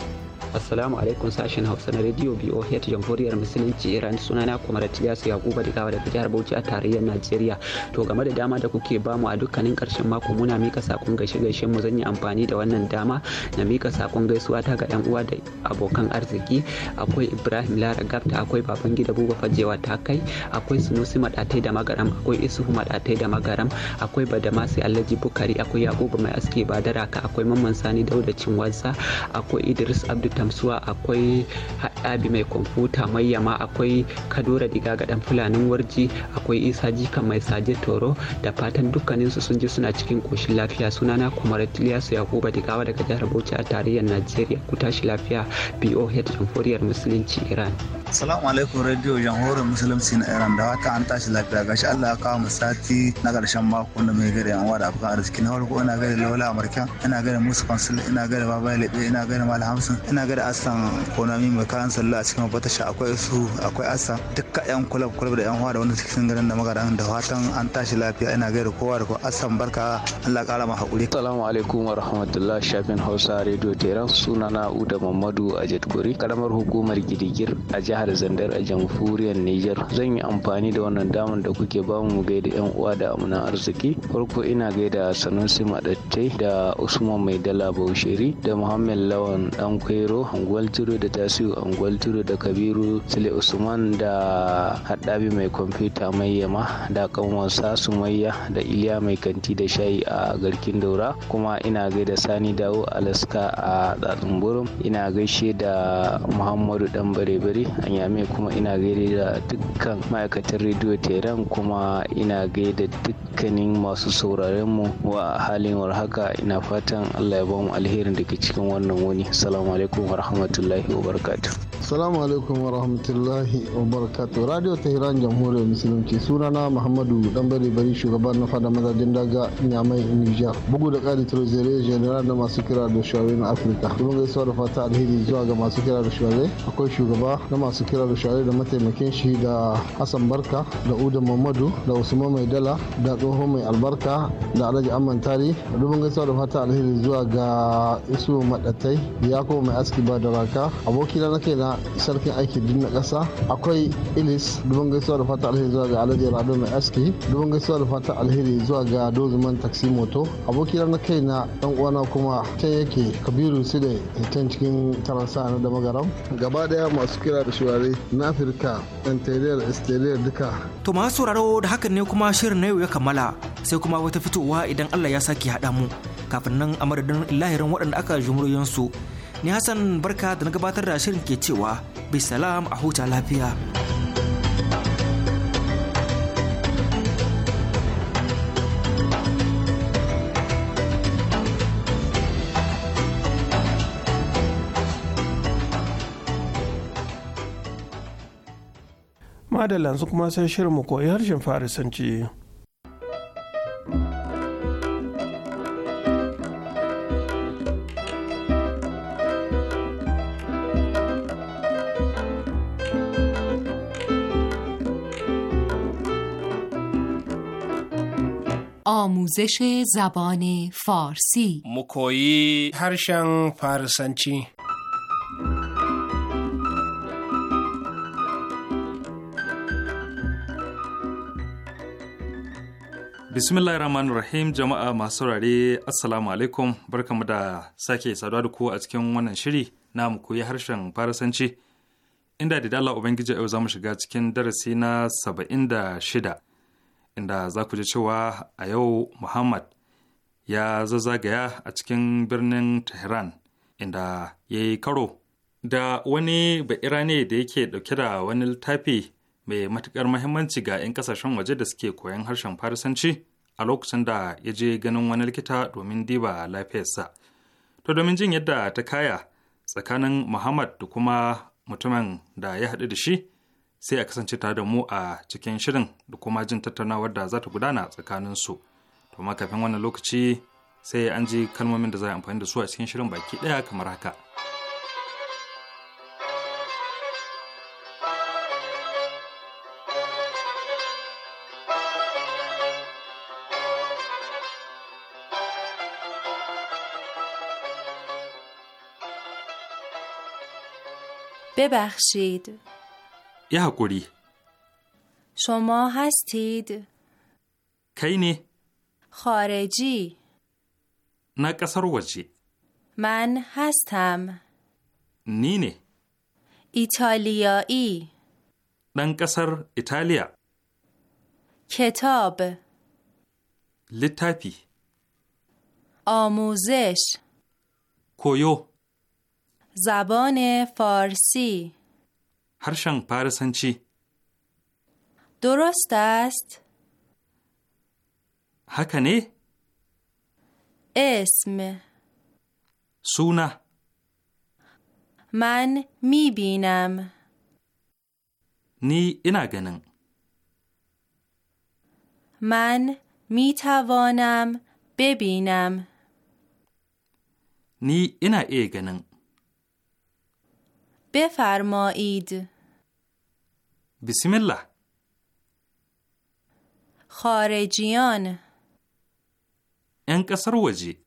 S7: assalamu
S4: alaikum sashen hausa na radio boh jamhuriyar musulunci iran sunana kwamar tiyasu yakuba da gawa daga jihar bauchi a tarayyar najeriya to game da dama da kuke bamu a dukkanin karshen mako muna mika sakon gaishe gaishen mu zan yi amfani da wannan dama na mika sakon gaisuwa ta ga yan uwa da abokan arziki akwai ibrahim lara gafta akwai baban gida buba fajewa ta kai akwai sunusi madatai da magaram akwai isuhu madatai da magaram akwai badamasi alhaji bukari akwai yakubu mai aske badaraka akwai mamman sani dauda cinwansa akwai idris abdul gamsuwa akwai haɗabi mai kwamfuta mai yama akwai kadura diga ga dan fulanin warji akwai isa jika mai saje toro da fatan dukkanin su sun ji suna cikin koshin lafiya sunana kwamar tiliyasu yakuba digawa daga jihar bauchi a tarayyar najeriya ku tashi lafiya boh jamhuriyar musulunci iran
S3: salamu alaikum radio jamhuriyar musulunci na iran da wata an tashi lafiya gashi allah ya kawo mu sati na karshen mako na mai gari yan da afghan arziki na farko ina gari laula amurka ina gari musu consul ina gari baba lebe ina gari malam hamsin ina gari da asan konami mai kayan sallah a cikin fatasha akwai su akwai asa dukkan yan kulab kulab da yan da wanda suke cikin garin da magaran da fatan an tashi lafiya ina gaida kowa da kowa asan barka Allah kara ma hakuri assalamu alaikum wa rahmatullah shafin Hausa radio teran suna na Uda Mamadu a Jadkori
S4: karamar hukumar Gidigir a jihar Zandar a jamhuriyar Niger zan yi amfani da wannan damar da kuke bamu mu gaida yan uwa da amana arziki farko ina gaida Sanusi Madatte da Usman Mai Dala Bausheri da Muhammad Lawan Dan Kwairo turo unguwar turo da tasiu unguwar turo da kabiru sule usman da haɗabi mai kwamfuta mai yama da Sasu sumayya da iliya mai kanti da shayi a garkin daura kuma ina gaida sani dawo alaska a tsatsunburum ina gaishe da muhammadu dan bare-bare a kuma ina gaida da dukkan ma'aikatan rediyo teran kuma ina gaida dukkanin masu sauraren mu wa halin warhaka ina fatan allah ya bamu alherin da ke cikin wannan wuni salamu alaikum alaikum wa rahmatullahi wa
S2: barakatuh.
S8: Assalamu alaikum wa rahmatullahi wa Radio Tehran Jamhuriyar Musulunci sunana Muhammadu Dambari Bari shugaban na fada mazajen daga Nyamai Nijar. Bugu da ƙari Trozere General da masu kira da na Afirka. Kuma da fata alheri zuwa ga masu kira da Akwai shugaba na masu kira da da mataimakin shi da Hassan Barka da Uda Mamadu da Usman dala da Tsoho Mai Albarka da Alhaji Amman Tari. Rubin da fata alheri zuwa ga Isu maɗatai ya mai aski aiki ba da raka abokina na sarkin aiki duk na ƙasa akwai ilis dubin gaisuwa da fata alheri zuwa ga alhaji rado mai aski dubin gaisuwa da fata alheri zuwa ga dozuman taxi moto aboki na na dan uwana kuma ta yake kabiru su da can cikin taransa na da magaram gaba daya masu kira da shuware na afirka interior exterior duka to masu
S7: sauraro da hakan ne kuma shirin na yau ya kammala sai kuma wata fitowa idan allah ya sake haɗa mu kafin nan a madadin lahirin waɗanda aka jumuriyansu su ni hassan barka da na gabatar da shirin ke cewa bai salam a huta lafiya
S1: madalla kuma sai shirin mu koyi harshen farisanci
S9: آموزش زبان فارسی
S2: mu koyi فارسنچی
S10: Bismillahir Rahmanir Rahim jama'a masu saurare Assalamu alaikum barkamu da sake saduwa da ku a cikin wannan shiri na mu koyi harshen Farisanci inda da Allah Ubangiji yau za mu shiga cikin darasi na saba'in da shida inda za ku ji cewa a yau Muhammad ya zazzagaya a cikin birnin Tehran inda ya yi karo da wani ba'ira ne da yake dauke da wani littafi mai matukar mahimmanci ga 'yan kasashen waje da suke koyan harshen Farisanci a lokacin da ya je ganin wani likita domin diba lafiyarsa. To domin jin yadda ta kaya tsakanin Muhammad da kuma mutumin da ya haɗu da shi. sai a kasance tare da mu a cikin shirin da kuma jin tattaunawar da za ta gudana tsakaninsu. To ma kafin wannan lokaci sai an ji kalmomin da za a amfani da su a cikin shirin baki ɗaya kamar haka.
S9: ببخشید یه حقوری شما هستید؟ کینی خارجی
S10: نه کسر وجی
S9: من هستم نینه ایتالیایی
S10: دن کسر ایتالیا
S9: کتاب
S10: لطفی
S9: آموزش کویو زبان فارسی
S10: هرشن پارسنچی
S9: درست است
S10: هکنه
S9: اسم سونا. من میبینم
S10: نی اینا گنن
S9: من میتوانم ببینم
S10: نی اینا ای گنن
S9: بفرمایید
S10: بسم الله
S9: خارجیان
S10: انکسر وجی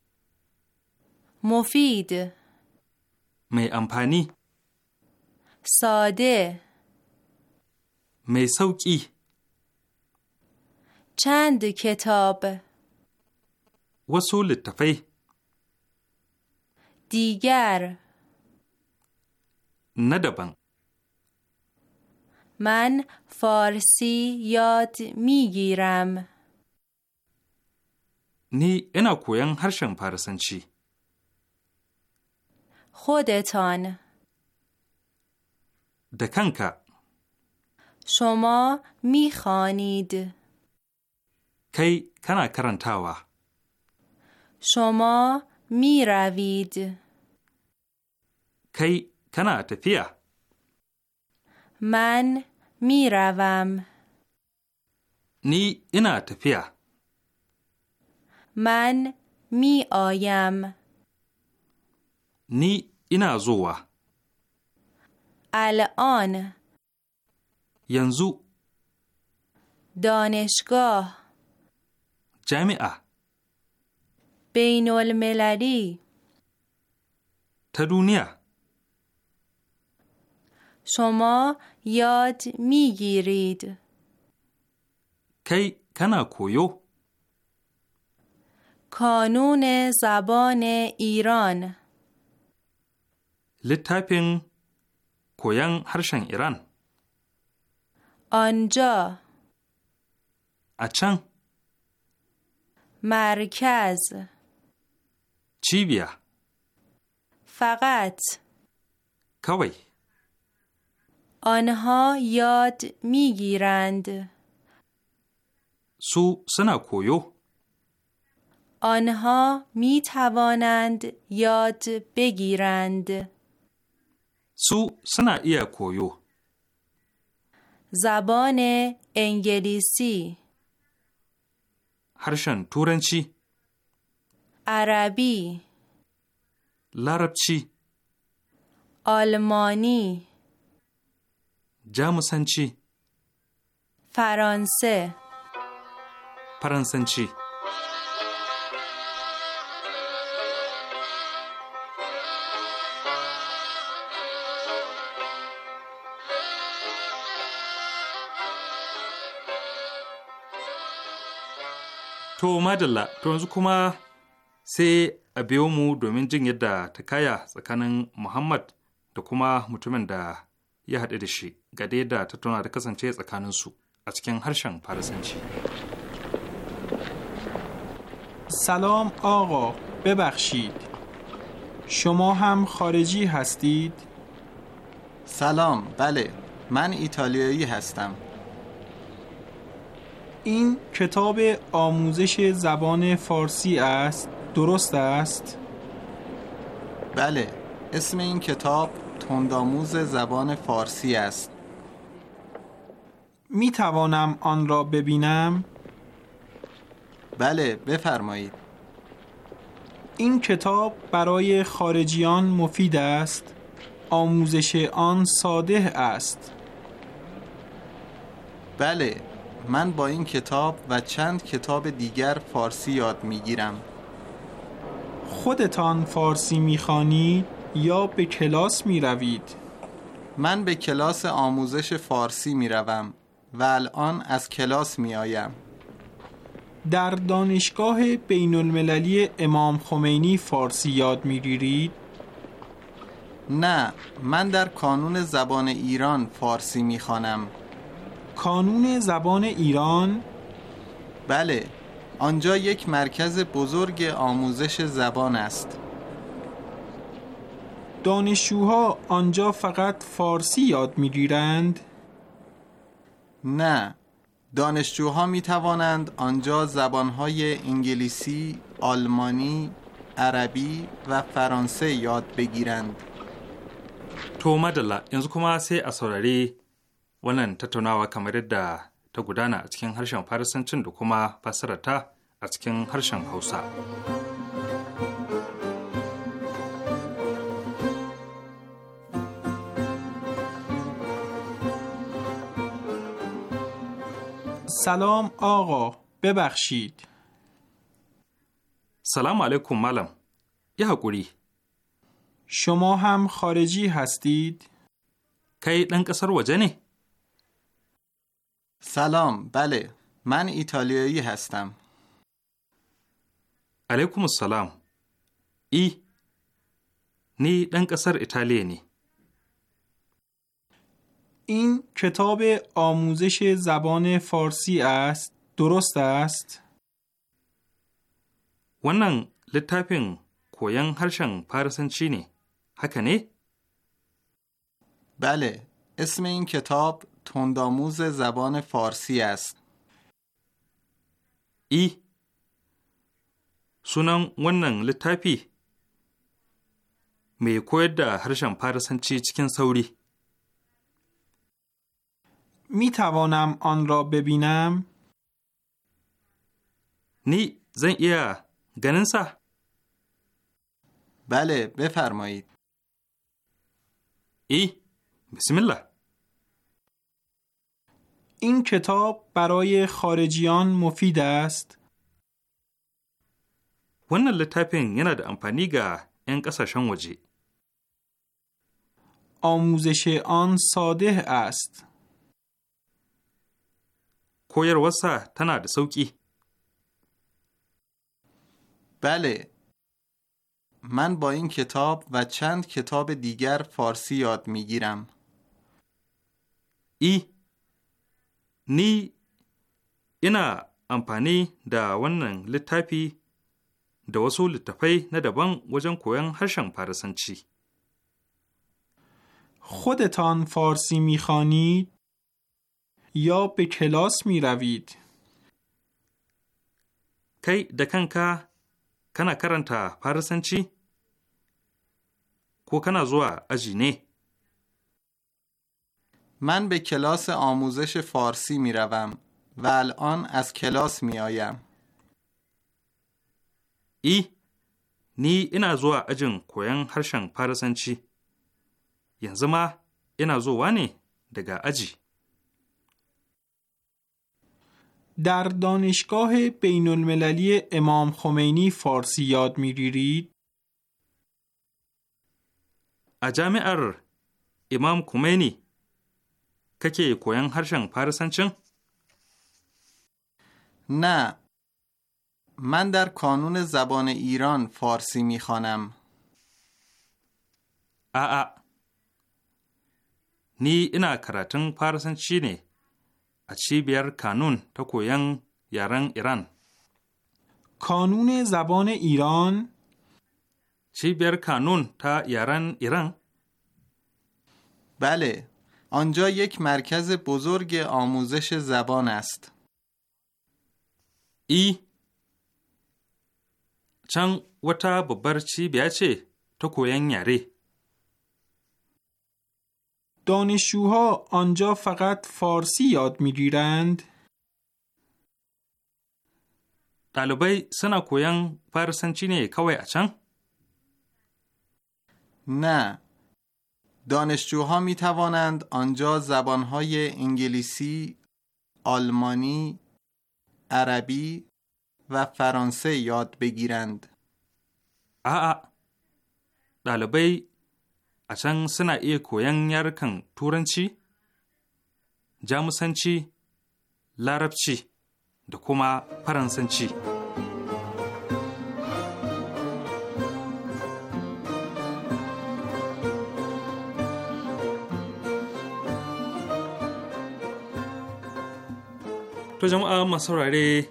S9: مفید
S10: می امپانی
S9: ساده
S10: می سوکی
S9: چند کتاب
S10: وصول تفی
S9: دیگر
S10: ندبن
S9: من فارسی یاد میگیرم.
S10: نی اینا کویان هرشن چی؟
S9: خودتان دکنکا شما میخوانید
S10: کی کنا کرنتاوا
S9: شما میروید
S10: کی کنا تفیه
S9: من میروم
S10: نی اینا تفیا
S9: من می آیم
S10: نی اینا زوا
S9: الان ینزو دانشگاه جامعه بین المللی
S10: تدونیه
S9: شما یاد میگیرید
S10: کی کنا کویو
S9: کانون زبان ایران
S10: تایپین کویان هرشن ایران
S9: آنجا اچان مرکز چی بیا فقط کوی آنها یاد میگیرند
S10: سو سنا کویو
S9: آنها می توانند یاد بگیرند
S10: سو سنا ایا کویو
S9: زبان انگلیسی
S10: هرشن تورنچی
S9: عربی
S10: لربچی
S9: آلمانی
S10: jamusanci
S9: فرانسه
S10: faransanci. To madalla, to yanzu kuma sai a biyo mu domin jin yadda ta kaya tsakanin Muhammad da kuma mutumin da ya haɗu da shi. gade da tattauna ta kasance سو a cikin harshen سلام آقا
S11: ببخشید شما هم خارجی هستید؟ سلام بله من ایتالیایی هستم
S12: این کتاب آموزش زبان فارسی است درست
S11: است؟ بله اسم این کتاب تندآموز زبان فارسی است می توانم آن را ببینم؟ بله بفرمایید
S12: این کتاب برای خارجیان مفید است آموزش آن
S11: ساده است بله من با این کتاب و چند کتاب دیگر فارسی یاد می گیرم خودتان فارسی می یا به کلاس می روید؟ من به کلاس آموزش فارسی می روم و الان از کلاس می آیم.
S12: در دانشگاه بین المللی امام خمینی
S11: فارسی یاد میگیرید؟ نه من در کانون زبان ایران فارسی میخوانم کانون زبان ایران؟ بله آنجا یک مرکز بزرگ آموزش زبان است دانشجوها آنجا فقط فارسی یاد میگیرند؟ نه دانشجوها می توانند آنجا زبانهای انگلیسی، آلمانی،
S10: عربی و فرانسه یاد بگیرند. تو مدلا این kuma sai اسوراری saurari wannan tattaunawa kamar yadda ta gudana a cikin harshen Farisancin da kuma fasarata a cikin harshen
S12: سلام آقا ببخشید سلام علیکم ملم یه حکوری شما هم خارجی هستید؟
S11: کی دن قصر وجه سلام بله
S10: من ایتالیایی هستم علیکم السلام ای نی دن قصر ایتالیایی
S12: این کتاب آموزش زبان فارسی است
S10: درست است wannan littafin koyon harshen farisanci ne haka ne
S11: بله اسم این کتاب تندآموز زبان فارسی است
S10: ای sunan wannan littafi mai koyar da harshen farisanci cikin sauri
S12: می توانم آن را ببینم؟
S10: نی زن یا گننسا بله بفرمایید ای
S11: بسم الله این کتاب برای
S10: خارجیان مفید است wannan littafin yana da amfani ga 'yan ƙasashen waje. آموزش آن ساده است. koyarwarsa tana da sauƙi. بله
S11: من با این کتاب و چند کتاب دیگر فارسی یاد میگیرم
S10: ای نی اینا امپانی دا ونن لطفی دا وسو لطفی ندبان وجن کوین هرشن پارسنچی
S13: خودتان
S12: فارسی میخوانید؟ یا به کلاس می روید؟
S10: کی دکنکا کنا کرنتا پارسنچی؟ کو کنا زوا اجی نه؟
S11: من به کلاس آموزش فارسی می روم و الان
S10: از کلاس می آیم. ای نی اینا زوا اجن کویان هرشن پارسنچی. ینزما اینا زوا نه دگا اجی.
S12: در دانشگاه بین المللی امام خمینی فارسی یاد میگیرید؟
S10: اجام ار امام خمینی که کوین هرشن پارسن
S11: نه من در کانون زبان ایران فارسی
S10: می خانم آآ نی اینا کراتن پارسنچی چینه؟ چی بر کانون تا کوینگ yaren ایران؟ کانون زبان ایران چیبر کانون تا یاران ایران
S11: بله آنجا یک مرکز بزرگ آموزش زبان است
S10: ای چنگ وتا ببر چی چه تو کوین یاره
S12: دانشجوها آنجا فقط فارسی یاد میگیرند؟
S10: طالبای سنا کویان فارسن چینه kawai اچان نه دانشجوها می
S11: توانند آنجا زبانهای انگلیسی، آلمانی،
S10: عربی و فرانسه یاد بگیرند. آه. آ. A can suna iya koyon yarukan Turanci, Jamusanci, Larabci da kuma Faransanci. To jama'a masu saurare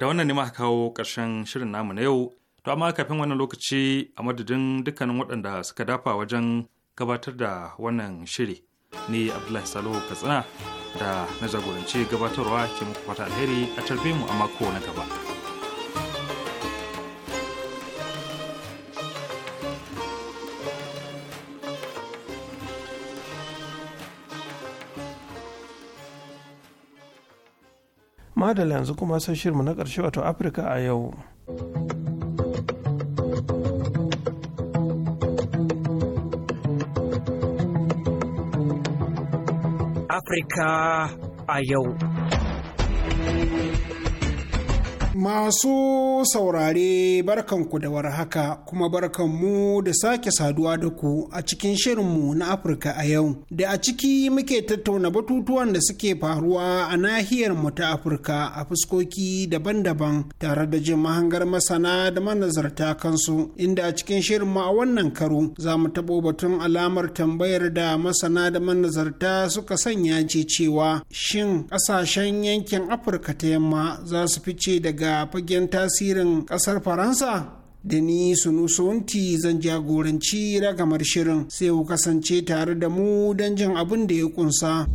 S10: da wannan ne kawo ƙarshen shirin namu na yau To amma kafin wannan lokaci a madadin dukkanin waɗanda suka dafa wajen gabatar da wannan shiri ni Abdullahi Salo Katsina da na jagoranci gabatarwa ke muku fata alheri a tarbe mu a mako na gaba.
S1: madalla yanzu kuma sai shirmu na ƙarshe wato afirka a yau
S7: Afirka a yau.
S14: Masu saurare barkanku da warhaka kuma barkanmu da sake saduwa da ku a cikin shirinmu na Afirka a yau. Da a ciki muke tattauna batutuwan da suke faruwa a nahiyar mu ta Afirka a fuskoki daban-daban tare da jin mahangar masana da manazarta kansu inda a cikin shirinmu a wannan karo za mu taɓo batun alamar tambayar da masana da manazarta suka sanya ce cewa shin ƙasashen yankin Afirka ta yamma za su fice daga daga fagen tasirin kasar faransa da ni sunusunti zan jagoranci ragamar shirin sai ku kasance tare da mu don jin abin da ya kunsa.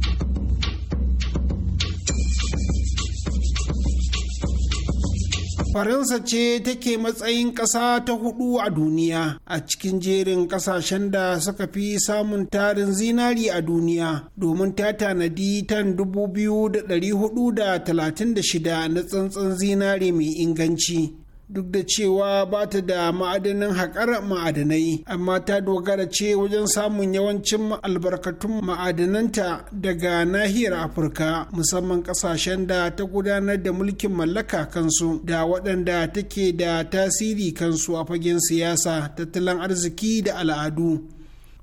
S14: Faransa ce take matsayin ƙasa ta hudu a duniya a cikin jerin ƙasashen da suka fi samun tarin zinari a duniya domin ta tanadi tan 2,436 na tsantsan zinari mai inganci. duk da cewa ba ta da ma'adanin haƙar ma'adanai amma ta dogara ce wajen samun yawancin albarkatun ma'adananta daga nahiyar afirka musamman ƙasashen da ta gudanar da mulkin mallaka kansu da waɗanda take da tasiri kansu a fagen siyasa tattalin arziki da al'adu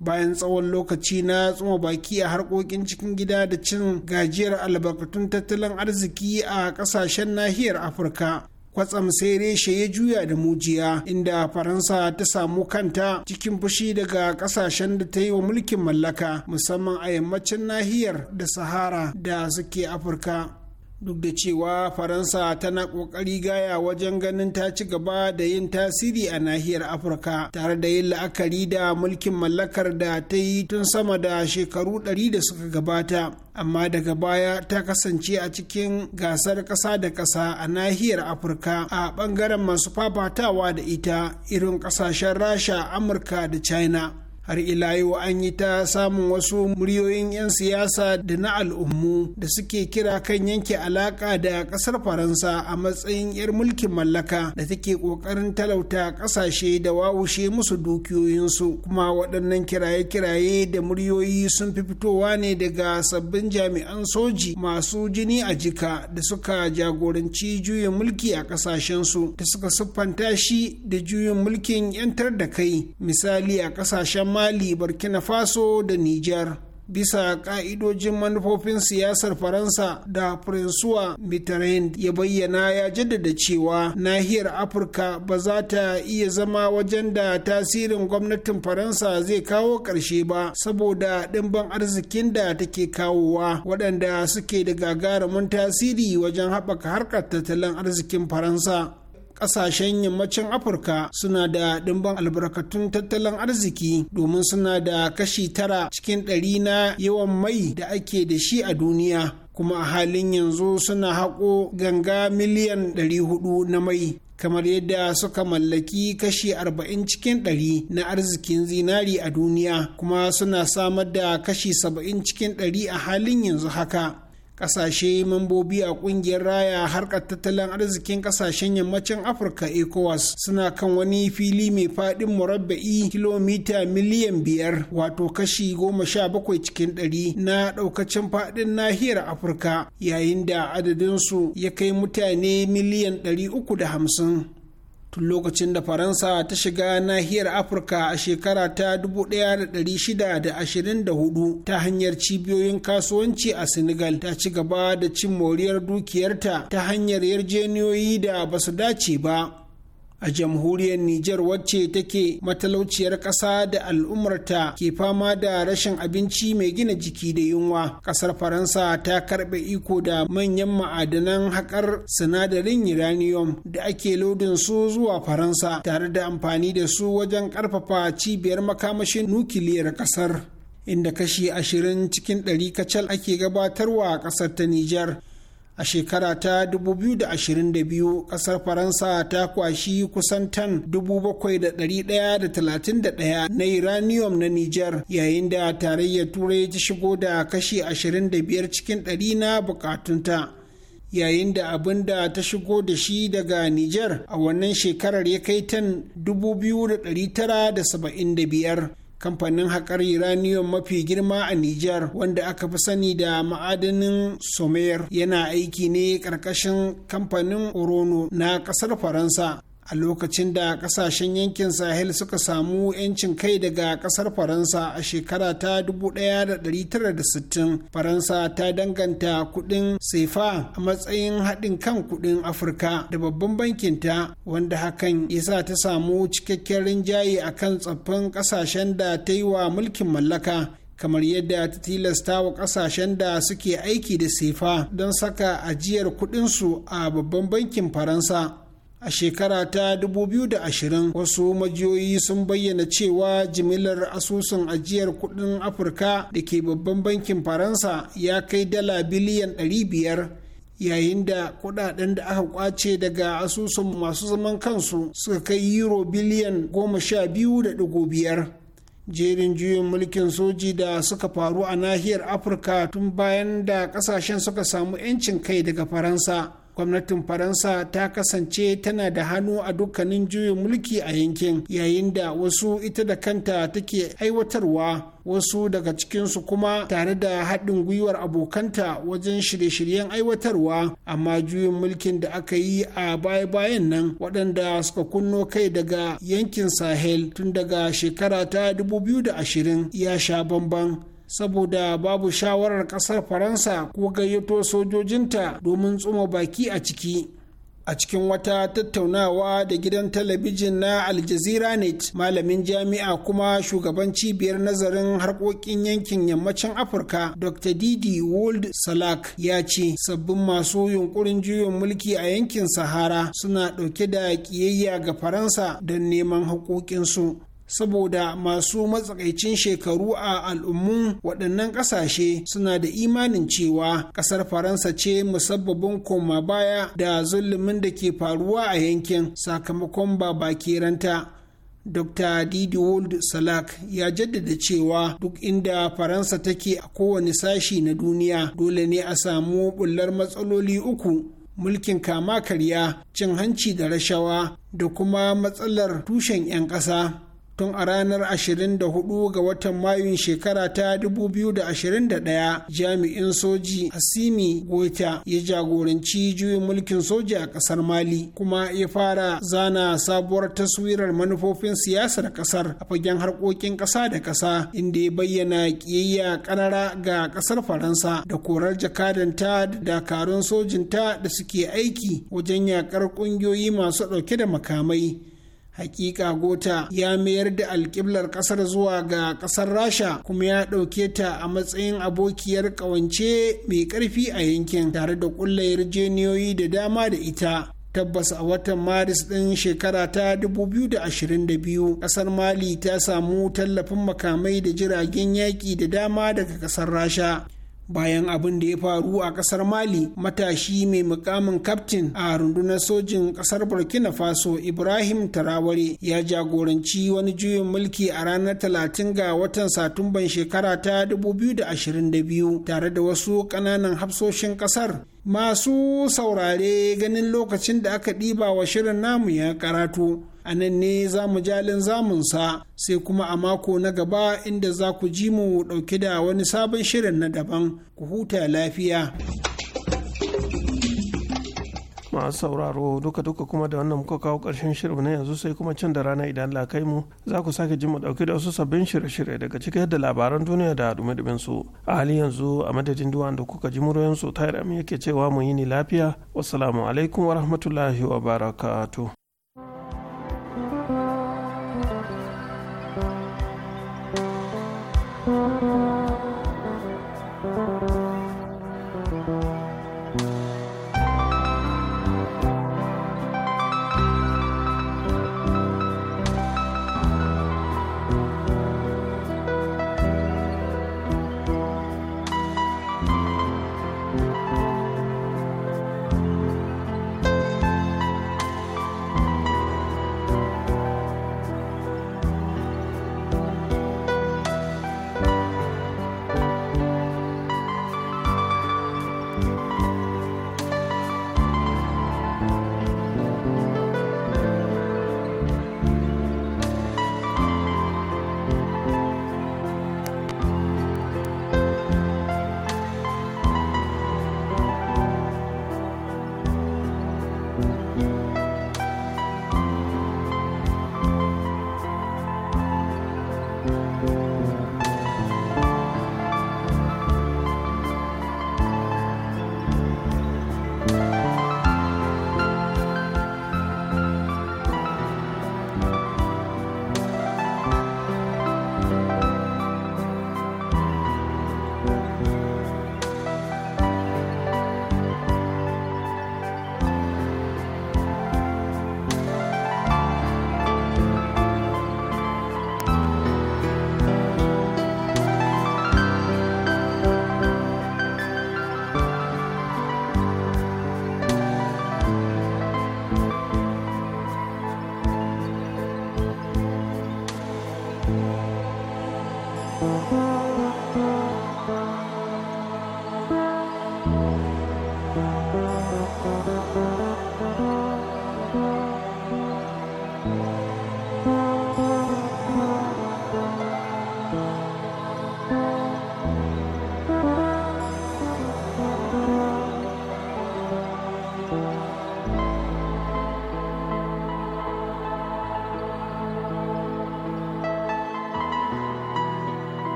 S14: bayan tsawon lokaci na tsuma baki a harkokin cikin gida da cin gajiyar albarkatun tattalin arziki a kasashen nahiyar afirka kwatsam sai reshe ya juya da mujiya inda faransa ta samu kanta cikin fushi daga kasashen da ta yi wa mulkin mallaka musamman a yammacin nahiyar da sahara da suke afirka duk da cewa faransa tana kokari gaya wajen ganin ta ci gaba da yin tasiri a nahiyar afirka tare da yin la'akari da mulkin mallakar da ta yi tun sama da shekaru 100 da suka gabata amma daga baya ta kasance a cikin gasar ƙasa da ƙasa a nahiyar afirka a ɓangaren masu fafatawa da ita irin ƙasashen rasha amurka da china har ila yau an yi ta samun wasu muryoyin 'yan siyasa da na al'ummu da suke kira kan yanke alaka da kasar faransa a matsayin 'yar mulkin mallaka da take kokarin talauta kasashe da wawushe musu dukiyoyinsu kuma waɗannan kiraye-kiraye da muryoyi sun fi fitowa ne daga sabbin jami'an soji masu jini a jika da suka jagoranci juyin mulki a kasashensu da suka siffanta shi da juyin mulkin 'yantar da kai misali a kasashen mali burkina faso da niger bisa ka'idojin manufofin siyasar faransa da francois mitterrand ya bayyana ya jaddada cewa nahiyar afirka ba za ta iya zama wajen da tasirin gwamnatin faransa zai kawo ƙarshe ba saboda ɗimbin arzikin da take kawowa waɗanda suke da gagarumin tasiri wajen haɓaka harkar tattalin arzikin faransa kasashen yammacin afirka suna da ɗimbin albarkatun tattalin arziki domin suna da kashi tara cikin ɗari na yawan mai da ake da shi a duniya kuma a halin yanzu suna haƙo ganga miliyan 400 na mai kamar yadda suka mallaki kashi 40 cikin 100 na arzikin zinari a duniya kuma suna samar da kashi 70 cikin 100 a halin yanzu haka kasashe mambobi a kungiyar raya harkar tattalin arzikin kasashen yammacin afirka ecowas suna kan wani fili mai fadin murabba'i kilomita miliyan biyar wato kashi goma sha bakwai cikin ɗari na ɗaukacin fadin nahiyar afirka yayin da adadinsu ya kai mutane miliyan ɗari uku da hamsin tun lokacin da faransa ta shiga nahiyar afirka a shekara ta 1624 ta hanyar cibiyoyin kasuwanci a senegal ta ci gaba da cin moriyar dukiyarta ta hanyar yarjeniyoyi da basu dace ba a jamhuriyar Nijar wacce take matalauciyar ƙasa da al'ummarta ke fama da rashin abinci mai gina jiki da yunwa ƙasar Faransa ta karɓe iko da manyan ma'adanan haƙar sinadarin uranium da ake lodin su zuwa Faransa tare da amfani da su wajen ƙarfafa cibiyar makamashin nukiliyar ƙasar inda kashi ashirin cikin ɗari kacal ake gabatarwa a ƙasar ta Nijar. a shekara ta 2022 kasar faransa ta kwashi kusan tan 7,131 na uranium na niger yayin da tarayyar turai ta shigo da kashi 25 cikin 100 na bukatunta yayin da abin da ta shigo da shi daga Nijar a wannan shekarar ya kai tan 2,975. kamfanin haƙar uranium mafi girma a Nijar wanda aka fi sani da ma'adanin Somer yana aiki ne ƙarƙashin kamfanin Orono na ƙasar Faransa. a lokacin da kasashen yankin sahel suka samu 'yancin kai daga kasar faransa a shekara ta 1960 faransa ta danganta kudin sefa a matsayin haɗin kan kudin afirka da babban bankin ta wanda hakan yasa ta samu cikakken rinjaye a kan tsaffin kasashen da ta yi wa mulkin mallaka kamar yadda ta tilasta wa kasashen da suke aiki da sefa don saka ajiyar kudinsu a babban bankin faransa a shekara ta 2020 wasu majiyoyi sun bayyana cewa jimillar asusun ajiyar kudin afirka da ke babban bankin faransa ya kai dala biliyan 500 yayin da kudaden da aka kwace daga asusun masu zaman kansu suka kai euro biliyan 12.5 jerin juyin mulkin soji da suka faru a nahiyar afirka tun bayan da kasashen suka samu 'yancin kai daga faransa gwamnatin faransa ta kasance tana da hannu a dukkanin juyin mulki a yankin yayin da wasu ita da kanta take aiwatarwa wasu daga cikinsu kuma tare da haɗin gwiwar abokanta wajen shirye-shiryen aiwatarwa amma juyin mulkin da aka yi a baya-bayan nan waɗanda suka kunno kai daga yankin sahel tun daga shekara ta 2020 ya sha bamban saboda babu shawarar kasar faransa ko gayyato sojojinta domin tsuma baki a ciki a cikin wata tattaunawa da gidan talabijin na aljazeera net malamin jami'a kuma shugaban cibiyar nazarin harkokin yankin yammacin afirka dr didi wold salak ya ce sabbin masu yunkurin juyin mulki a yankin sahara suna ɗauke da kiyayya ga faransa don neman haƙoƙinsu saboda masu matsakaicin shekaru a al'ummun waɗannan ƙasashe suna da imanin cewa ƙasar faransa ce musabbabin koma baya da zulumin da ke faruwa a yankin sakamakon babakeranta Dr. Didi Wold Salak ya jaddada cewa duk inda Faransa take a kowane sashi na duniya dole ne a samu bullar matsaloli uku mulkin kama karya, cin hanci da rashawa da kuma matsalar tushen 'yan ƙasa. tun a ranar 24 ga watan mayun shekara ta 2021 jami'in soji Asimi Goita ya jagoranci juyin mulkin soja a ƙasar Mali kuma ya fara zana sabuwar taswirar manufofin siyasar ƙasar a fagen harkokin ƙasa da ƙasa inda ya bayyana ƙiyayya ƙarara ga ƙasar Faransa da korar jakadanta da dakarun sojinta da suke aiki wajen yaƙar ƙungiyoyi masu ɗauke da makamai hakika gota ya mayar da alkiblar kasar zuwa ga kasar rasha kuma ya ɗauke ta a matsayin abokiyar ƙawance mai ƙarfi a yankin tare da ƙulla yarjeniyoyi da dama da ita tabbas a watan maris ɗin shekara ta 2022 ƙasar mali ta samu tallafin makamai da jiragen yaƙi da dama daga ƙasar rasha bayan abin da ya faru a kasar mali matashi mai mukamin kaftin a rundunar sojin kasar burkina faso ibrahim taraware ya jagoranci wani juyin mulki a ranar talatin ga watan satumban shekara ta 2022 tare da wasu ƙananan hafsoshin kasar masu saurare ganin lokacin da aka ɗiba wa shirin namu ya karatu a nan ne za mu jalin zamunsa sai kuma a mako na gaba inda za ku ji mu ɗauke da wani sabon shirin na daban ku huta lafiya.
S1: masu sauraro duka-duka kuma da wannan muka kawo karshen shirin na yanzu sai kuma can da rana idan la kai mu za ku sake ji mu dauke da wasu sabbin shirye-shirye daga cikin da labaran duniya da dume su a halin yanzu a madadin duwan da kuka ji muryoyin su tayar yake cewa mu yi ni lafiya wassalamu alaikum wa barakatu.